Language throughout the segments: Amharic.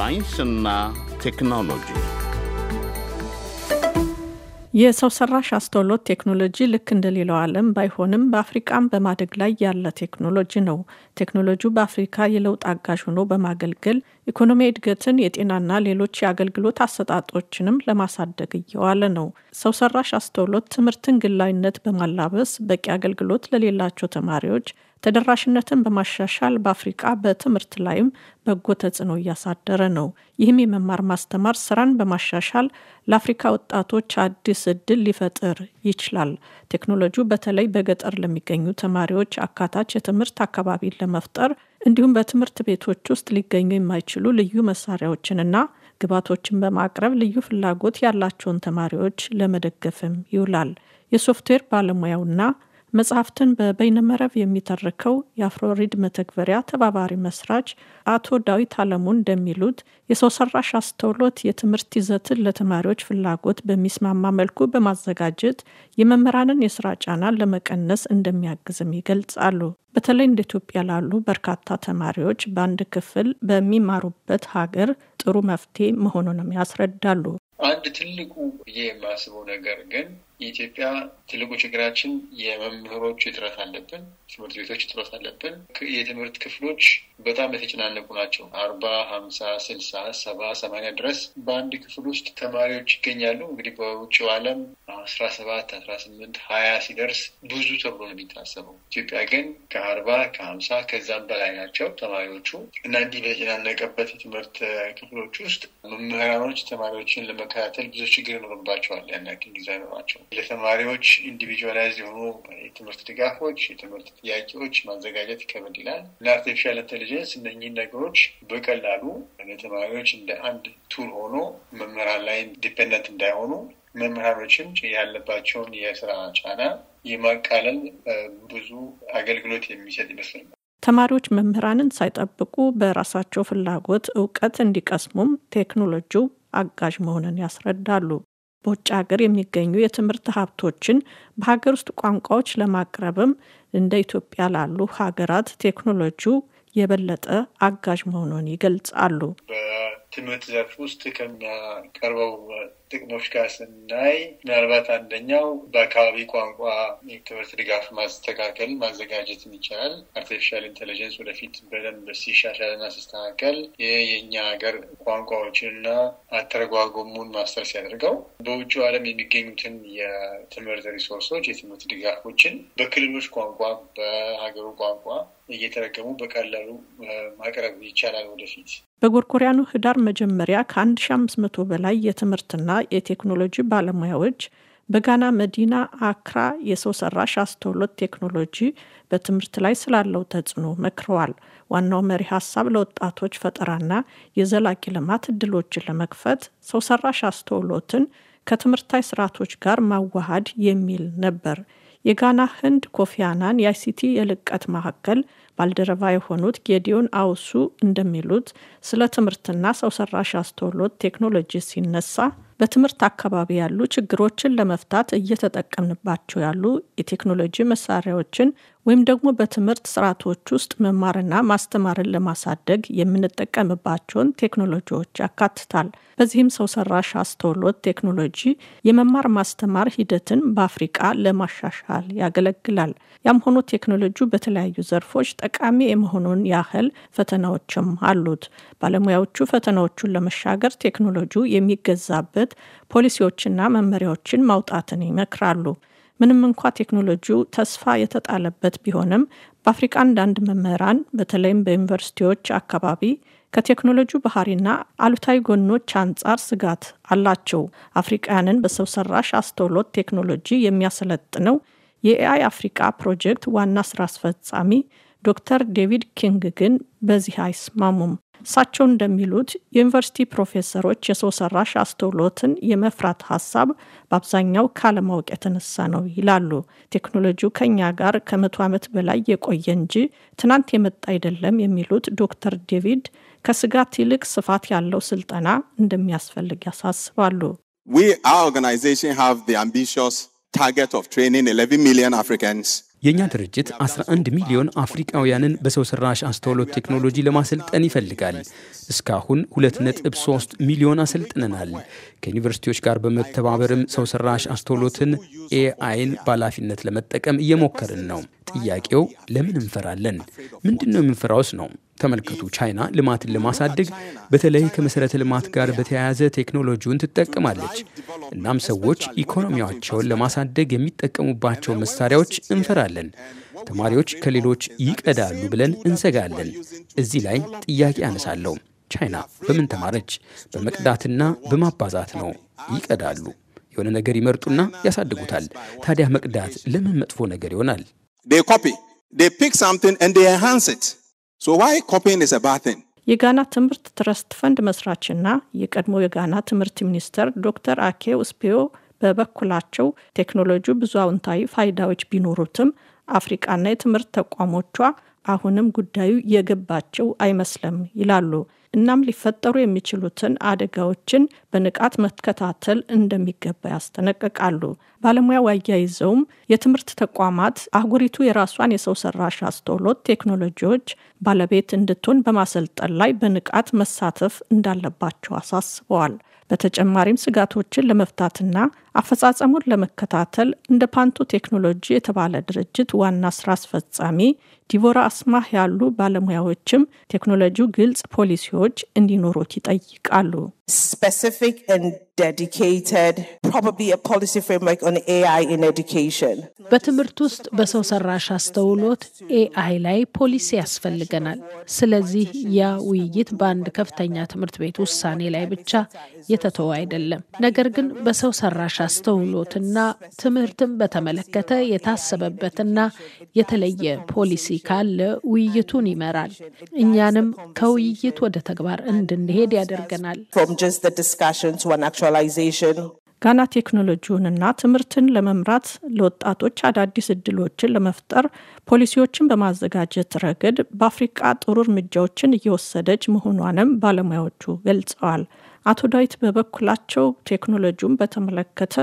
ሳይንስና ቴክኖሎጂ የሰው ሰራሽ አስተውሎት ቴክኖሎጂ ልክ እንደሌላው ዓለም ባይሆንም በአፍሪቃም በማደግ ላይ ያለ ቴክኖሎጂ ነው። ቴክኖሎጂው በአፍሪካ የለውጥ አጋዥ ሆኖ በማገልገል ኢኮኖሚ እድገትን፣ የጤናና ሌሎች የአገልግሎት አሰጣጦችንም ለማሳደግ እየዋለ ነው። ሰው ሰራሽ አስተውሎት ትምህርትን ግላዊነት በማላበስ በቂ አገልግሎት ለሌላቸው ተማሪዎች ተደራሽነትን በማሻሻል በአፍሪቃ በትምህርት ላይም በጎ ተጽዕኖ እያሳደረ ነው። ይህም የመማር ማስተማር ስራን በማሻሻል ለአፍሪካ ወጣቶች አዲስ እድል ሊፈጥር ይችላል። ቴክኖሎጂው በተለይ በገጠር ለሚገኙ ተማሪዎች አካታች የትምህርት አካባቢን ለመፍጠር እንዲሁም በትምህርት ቤቶች ውስጥ ሊገኙ የማይችሉ ልዩ መሳሪያዎችንና ግባቶችን በማቅረብ ልዩ ፍላጎት ያላቸውን ተማሪዎች ለመደገፍም ይውላል። የሶፍትዌር ባለሙያውና መጽሐፍትን በበይነመረብ የሚተርከው የአፍሮሪድ መተግበሪያ ተባባሪ መስራች አቶ ዳዊት አለሙ እንደሚሉት የሰው ሰራሽ አስተውሎት የትምህርት ይዘትን ለተማሪዎች ፍላጎት በሚስማማ መልኩ በማዘጋጀት የመምህራንን የስራ ጫናን ለመቀነስ እንደሚያግዝም ይገልጻሉ። በተለይ እንደ ኢትዮጵያ ላሉ በርካታ ተማሪዎች በአንድ ክፍል በሚማሩበት ሀገር ጥሩ መፍትሄ መሆኑንም ያስረዳሉ። አንድ ትልቁ ብዬ የማስበው ነገር ግን የኢትዮጵያ ትልቁ ችግራችን የመምህሮች እጥረት አለብን። ትምህርት ቤቶች እጥረት አለብን። የትምህርት ክፍሎች በጣም የተጨናነቁ ናቸው። አርባ ሀምሳ ስልሳ ሰባ ሰማንያ ድረስ በአንድ ክፍል ውስጥ ተማሪዎች ይገኛሉ። እንግዲህ በውጭው ዓለም አስራ ሰባት አስራ ስምንት ሀያ ሲደርስ ብዙ ተብሎ ነው የሚታሰበው። ኢትዮጵያ ግን ከአርባ ከሀምሳ ከዛም በላይ ናቸው ተማሪዎቹ እና እንዲህ በተጨናነቀበት የትምህርት ክፍሎች ውስጥ መምህራኖች ተማሪዎችን ለመከታተል ብዙ ችግር ይኖርባቸዋል። ያን ጊዜ አይኖራቸውም። ለተማሪዎች ኢንዲቪጁዋላይዝ የሆኑ የትምህርት ድጋፎች፣ የትምህርት ጥያቄዎች ማዘጋጀት ይከብድ ይላል ለአርቲፊሻል ኢንቴሊጀንስ እነኚህን ነገሮች በቀላሉ ለተማሪዎች እንደ አንድ ቱል ሆኖ መምህራን ላይ ዲፔንደንት እንዳይሆኑ መምህራኖችም ያለባቸውን የስራ ጫና የማቃለል ብዙ አገልግሎት የሚሰጥ ይመስለኛል። ተማሪዎች መምህራንን ሳይጠብቁ በራሳቸው ፍላጎት እውቀት እንዲቀስሙም ቴክኖሎጂው አጋዥ መሆኑን ያስረዳሉ። በውጭ ሀገር የሚገኙ የትምህርት ሀብቶችን በሀገር ውስጥ ቋንቋዎች ለማቅረብም እንደ ኢትዮጵያ ላሉ ሀገራት ቴክኖሎጂው የበለጠ አጋዥ መሆኑን ይገልጻሉ። ትምህርት ዘርፍ ውስጥ ከሚያቀርበው ጥቅሞች ጋር ስናይ ምናልባት አንደኛው በአካባቢ ቋንቋ የትምህርት ድጋፍ ማስተካከል ማዘጋጀት ይቻላል። አርቲፊሻል ኢንቴሊጀንስ ወደፊት በደንብ ሲሻሻል እና ሲስተካከል ይህ የእኛ ሀገር ቋንቋዎችንና አተረጓጎሙን ማስተር ሲያደርገው በውጭ ዓለም የሚገኙትን የትምህርት ሪሶርሶች የትምህርት ድጋፎችን በክልሎች ቋንቋ በሀገሩ ቋንቋ እየተረገሙ በቀላሉ ማቅረብ ይቻላል ወደፊት በጎርጎሪያኑ ህዳር መጀመሪያ ከ1500 በላይ የትምህርትና የቴክኖሎጂ ባለሙያዎች በጋና መዲና አክራ የሰው ሰራሽ አስተውሎት ቴክኖሎጂ በትምህርት ላይ ስላለው ተጽዕኖ መክረዋል። ዋናው መሪ ሀሳብ ለወጣቶች ፈጠራና የዘላቂ ልማት እድሎችን ለመክፈት ሰው ሰራሽ አስተውሎትን ከትምህርታዊ ስርዓቶች ጋር ማዋሃድ የሚል ነበር። የጋና ህንድ ኮፊያናን የአይሲቲ የልቀት ማዕከል ባልደረባ የሆኑት ጌዲዮን አውሱ እንደሚሉት ስለ ትምህርትና ሰው ሰራሽ አስተውሎት ቴክኖሎጂ ሲነሳ በትምህርት አካባቢ ያሉ ችግሮችን ለመፍታት እየተጠቀምንባቸው ያሉ የቴክኖሎጂ መሳሪያዎችን ወይም ደግሞ በትምህርት ስርዓቶች ውስጥ መማርና ማስተማርን ለማሳደግ የምንጠቀምባቸውን ቴክኖሎጂዎች ያካትታል። በዚህም ሰው ሰራሽ አስተውሎት ቴክኖሎጂ የመማር ማስተማር ሂደትን በአፍሪቃ ለማሻሻል ያገለግላል። ያም ሆኖ ቴክኖሎጂ በተለያዩ ዘርፎች ጠቃሚ የመሆኑን ያህል ፈተናዎችም አሉት። ባለሙያዎቹ ፈተናዎቹን ለመሻገር ቴክኖሎጂ የሚገዛበት ፖሊሲዎችና መመሪያዎችን ማውጣትን ይመክራሉ። ምንም እንኳ ቴክኖሎጂው ተስፋ የተጣለበት ቢሆንም በአፍሪቃ አንዳንድ መምህራን በተለይም በዩኒቨርሲቲዎች አካባቢ ከቴክኖሎጂ ባህሪና አሉታዊ ጎኖች አንጻር ስጋት አላቸው። አፍሪቃውያንን በሰው ሰራሽ አስተውሎት ቴክኖሎጂ የሚያሰለጥነው የኤአይ አፍሪቃ ፕሮጀክት ዋና ስራ አስፈጻሚ ዶክተር ዴቪድ ኪንግ ግን በዚህ አይስማሙም። እሳቸው እንደሚሉት የዩኒቨርሲቲ ፕሮፌሰሮች የሰው ሰራሽ አስተውሎትን የመፍራት ሀሳብ በአብዛኛው ካለማወቅ የተነሳ ነው ይላሉ። ቴክኖሎጂው ከኛ ጋር ከመቶ ዓመት በላይ የቆየ እንጂ ትናንት የመጣ አይደለም የሚሉት ዶክተር ዴቪድ ከስጋት ይልቅ ስፋት ያለው ስልጠና እንደሚያስፈልግ ያሳስባሉ። ታርጌት ኦፍ ትሬኒንግ 11 ሚሊዮን አፍሪካንስ የእኛ ድርጅት 11 ሚሊዮን አፍሪቃውያንን በሰው ሰራሽ አስተውሎት ቴክኖሎጂ ለማሰልጠን ይፈልጋል። እስካሁን 2.3 ሚሊዮን አሰልጥነናል። ከዩኒቨርሲቲዎች ጋር በመተባበርም ሰው ሰራሽ አስተውሎትን ኤአይን በኃላፊነት ለመጠቀም እየሞከርን ነው። ጥያቄው ለምን እንፈራለን? ምንድን ነው የምንፈራውስ ነው? ተመልከቱ። ቻይና ልማትን ለማሳደግ በተለይ ከመሠረተ ልማት ጋር በተያያዘ ቴክኖሎጂውን ትጠቀማለች። እናም ሰዎች ኢኮኖሚያቸውን ለማሳደግ የሚጠቀሙባቸው መሳሪያዎች እንፈራለን። ተማሪዎች ከሌሎች ይቀዳሉ ብለን እንሰጋለን። እዚህ ላይ ጥያቄ አነሳለሁ። ቻይና በምን ተማረች? በመቅዳትና በማባዛት ነው። ይቀዳሉ፣ የሆነ ነገር ይመርጡና ያሳድጉታል። ታዲያ መቅዳት ለምን መጥፎ ነገር ይሆናል? So why copying is a bad thing? የጋና ትምህርት ትረስት ፈንድ መስራችና የቀድሞ የጋና ትምህርት ሚኒስተር ዶክተር አኬ ውስፔዮ በበኩላቸው ቴክኖሎጂ ብዙ አውንታዊ ፋይዳዎች ቢኖሩትም አፍሪቃና የትምህርት ተቋሞቿ አሁንም ጉዳዩ የገባቸው አይመስልም ይላሉ። እናም ሊፈጠሩ የሚችሉትን አደጋዎችን በንቃት መከታተል እንደሚገባ ያስጠነቅቃሉ። ባለሙያው አያይዘውም የትምህርት ተቋማት አህጉሪቱ የራሷን የሰው ሰራሽ አስተውሎት ቴክኖሎጂዎች ባለቤት እንድትሆን በማሰልጠን ላይ በንቃት መሳተፍ እንዳለባቸው አሳስበዋል። በተጨማሪም ስጋቶችን ለመፍታትና አፈጻጸሙን ለመከታተል እንደ ፓንቶ ቴክኖሎጂ የተባለ ድርጅት ዋና ስራ አስፈጻሚ ዲቦራ አስማህ ያሉ ባለሙያዎችም ቴክኖሎጂው ግልጽ ፖሊሲዎች እንዲኖሩት ይጠይቃሉ። በትምህርት ውስጥ በሰው ሰራሽ አስተውሎት ኤአይ ላይ ፖሊሲ ያስፈልገናል። ስለዚህ ያ ውይይት በአንድ ከፍተኛ ትምህርት ቤት ውሳኔ ላይ ብቻ የተተወ አይደለም። ነገር ግን በሰው ሰራሽ አስተውሎትና ትምህርትን በተመለከተ የታሰበበትና የተለየ ፖሊሲ ካለ ውይይቱን ይመራል፣ እኛንም ከውይይት ወደ ተግባር እንድንሄድ ያደርገናል። digitalization ጋና ቴክኖሎጂውንና ትምህርትን ለመምራት ለወጣቶች አዳዲስ እድሎችን ለመፍጠር ፖሊሲዎችን በማዘጋጀት ረገድ በአፍሪቃ ጥሩ እርምጃዎችን እየወሰደች መሆኗንም ባለሙያዎቹ ገልጸዋል። አቶ ዳዊት በበኩላቸው ቴክኖሎጂውን በተመለከተ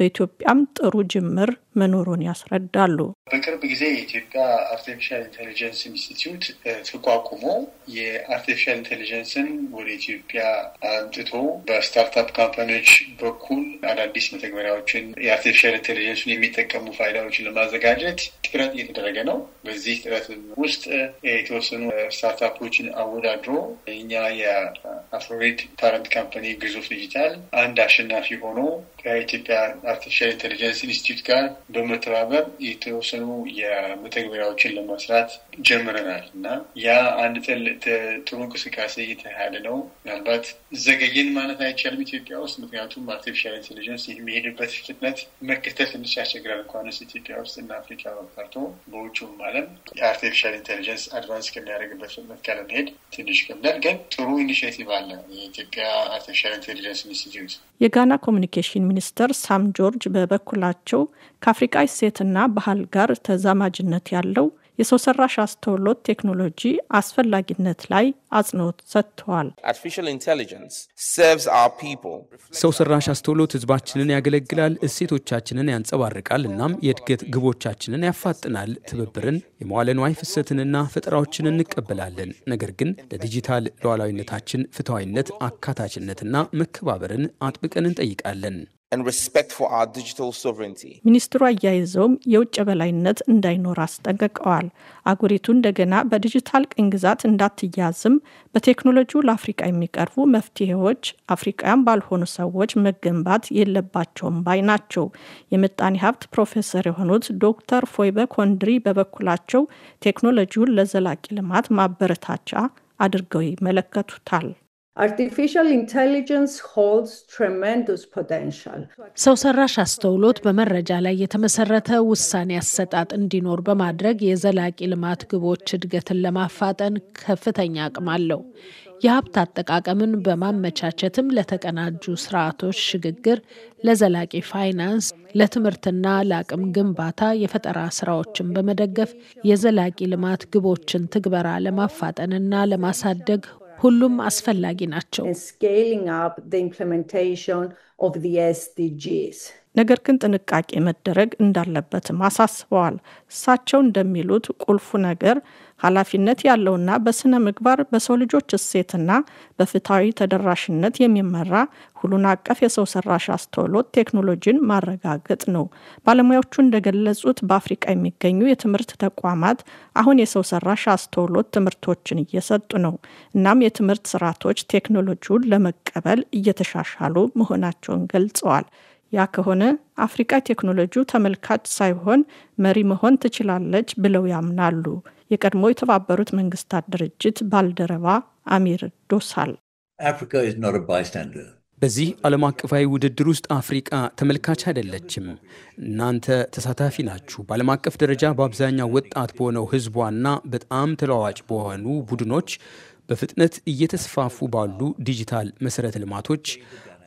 በኢትዮጵያም ጥሩ ጅምር መኖሩን ያስረዳሉ። በቅርብ ጊዜ የኢትዮጵያ አርቲፊሻል ኢንቴሊጀንስ ኢንስቲትዩት ተቋቁሞ የአርቲፊሻል ኢንቴሊጀንስን ወደ ኢትዮጵያ አምጥቶ በስታርታፕ ካምፓኒዎች በኩል አዳዲስ መተግበሪያዎችን የአርቲፊሻል ኢንቴሊጀንሱን የሚጠቀሙ ፋይዳዎችን ለማዘጋጀት ጥረት እየተደረገ ነው። በዚህ ጥረት ውስጥ eh, የተወሰኑ eh, ስታርታፖችን አወዳድሮ እኛ አስሎሬድ ታረንት ካምፓኒ ግዙፍ ዲጂታል አንድ አሸናፊ ሆኖ ከኢትዮጵያ አርቲፊሻል ኢንቴሊጀንስ ኢንስቲትዩት ጋር በመተባበር የተወሰኑ የመተግበሪያዎችን ለመስራት ጀምረናል እና ያ አንድ ጥሩ እንቅስቃሴ እየተያለ ነው። ምናልባት ዘገየን ማለት አይቻልም ኢትዮጵያ ውስጥ ምክንያቱም አርቲፊሻል ኢንቴሊጀንስ የሚሄድበት ፍጥነት መከተል ትንሽ ያስቸግራል። እንኳንስ ኢትዮጵያ ውስጥ እና አፍሪካ ቀርቶ በውጭውም ዓለም የአርቲፊሻል ኢንቴሊጀንስ አድቫንስ ከሚያደርግበት ፍጥነት ካለመሄድ ትንሽ ክብዳል። ግን ጥሩ ኢኒሽቲቭ አለ የኢትዮጵያ አርቲፊሻል ኢንቴሊጀንስ ኢንስቲትዩት የጋና ኮሚኒኬሽን ሚኒስትር ሳም ጆርጅ በበኩላቸው ከአፍሪቃ እሴትና ባህል ጋር ተዛማጅነት ያለው የሰው ሰራሽ አስተውሎት ቴክኖሎጂ አስፈላጊነት ላይ አጽንኦት ሰጥተዋል። ሰው ሰራሽ አስተውሎት ሕዝባችንን ያገለግላል፣ እሴቶቻችንን ያንጸባርቃል፣ እናም የእድገት ግቦቻችንን ያፋጥናል። ትብብርን፣ የመዋለ ንዋይ ፍሰትንና ፈጠራዎችን እንቀበላለን። ነገር ግን ለዲጂታል ሉዓላዊነታችን ፍትሐዊነት፣ አካታችነትና መከባበርን አጥብቀን እንጠይቃለን። ሚኒስትሩ አያይዘውም የውጭ የበላይነት እንዳይኖር አስጠንቅቀዋል። አጉሪቱ እንደገና በዲጂታል ቅኝ ግዛት እንዳትያዝም በቴክኖሎጂው ለአፍሪቃ የሚቀርቡ መፍትሄዎች አፍሪቃውያን ባልሆኑ ሰዎች መገንባት የለባቸውም ባይ ናቸው። የምጣኔ ሀብት ፕሮፌሰር የሆኑት ዶክተር ፎይበ ኮንድሪ በበኩላቸው ቴክኖሎጂውን ለዘላቂ ልማት ማበረታቻ አድርገው ይመለከቱታል። አርቲፊሻል ኢንቴሊጀንስ ሆልድስ ትሬመንደስ ፖቴንሻል። ሰው ሰራሽ አስተውሎት በመረጃ ላይ የተመሰረተ ውሳኔ አሰጣጥ እንዲኖር በማድረግ የዘላቂ ልማት ግቦች እድገትን ለማፋጠን ከፍተኛ አቅም አለው። የሀብት አጠቃቀምን በማመቻቸትም ለተቀናጁ ስርዓቶች ሽግግር፣ ለዘላቂ ፋይናንስ፣ ለትምህርትና ለአቅም ግንባታ የፈጠራ ስራዎችን በመደገፍ የዘላቂ ልማት ግቦችን ትግበራ ለማፋጠንና ለማሳደግ ሁሉም አስፈላጊ ናቸው። ነገር ግን ጥንቃቄ መደረግ እንዳለበትም አሳስበዋል። እሳቸው እንደሚሉት ቁልፉ ነገር ኃላፊነት ያለውና በስነ ምግባር በሰው ልጆች እሴትና በፍትሐዊ ተደራሽነት የሚመራ ሁሉን አቀፍ የሰው ሰራሽ አስተውሎት ቴክኖሎጂን ማረጋገጥ ነው። ባለሙያዎቹ እንደገለጹት በአፍሪቃ የሚገኙ የትምህርት ተቋማት አሁን የሰው ሰራሽ አስተውሎት ትምህርቶችን እየሰጡ ነው። እናም የትምህርት ስርዓቶች ቴክኖሎጂውን ለመቀበል እየተሻሻሉ መሆናቸውን ገልጸዋል። ያ ከሆነ አፍሪቃ ቴክኖሎጂው ተመልካች ሳይሆን መሪ መሆን ትችላለች ብለው ያምናሉ የቀድሞ የተባበሩት መንግስታት ድርጅት ባልደረባ አሚር ዶሳል። በዚህ ዓለም አቀፋዊ ውድድር ውስጥ አፍሪቃ ተመልካች አይደለችም። እናንተ ተሳታፊ ናችሁ። በዓለም አቀፍ ደረጃ በአብዛኛው ወጣት በሆነው ህዝቧና በጣም ተለዋዋጭ በሆኑ ቡድኖች በፍጥነት እየተስፋፉ ባሉ ዲጂታል መሰረተ ልማቶች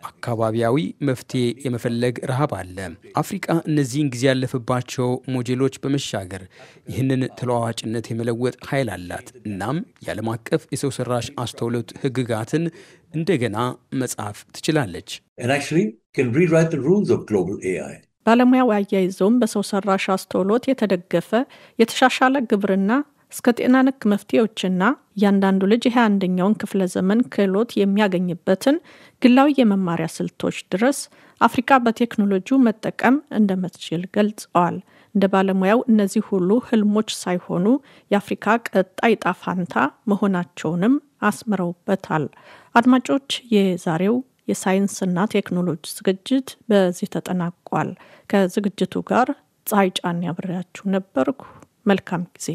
አካባቢያዊ መፍትሄ የመፈለግ ረሃብ አለ። አፍሪቃ እነዚህን ጊዜ ያለፈባቸው ሞዴሎች በመሻገር ይህንን ተለዋዋጭነት የመለወጥ ኃይል አላት። እናም የዓለም አቀፍ የሰው ሰራሽ አስተውሎት ህግጋትን እንደገና መጻፍ ትችላለች። ባለሙያው አያይዘውም በሰው ሰራሽ አስተውሎት የተደገፈ የተሻሻለ ግብርና እስከ ጤና ነክ መፍትሄዎችና እያንዳንዱ ልጅ የሃያ አንደኛውን ክፍለ ዘመን ክህሎት የሚያገኝበትን ግላዊ የመማሪያ ስልቶች ድረስ አፍሪካ በቴክኖሎጂው መጠቀም እንደምትችል ገልጸዋል። እንደ ባለሙያው እነዚህ ሁሉ ህልሞች ሳይሆኑ የአፍሪካ ቀጣይ ጣፋንታ መሆናቸውንም አስምረውበታል። አድማጮች፣ የዛሬው የሳይንስና ቴክኖሎጂ ዝግጅት በዚህ ተጠናቋል። ከዝግጅቱ ጋር ፀሐይ ጫን ያብሬያችሁ ነበርኩ። መልካም ጊዜ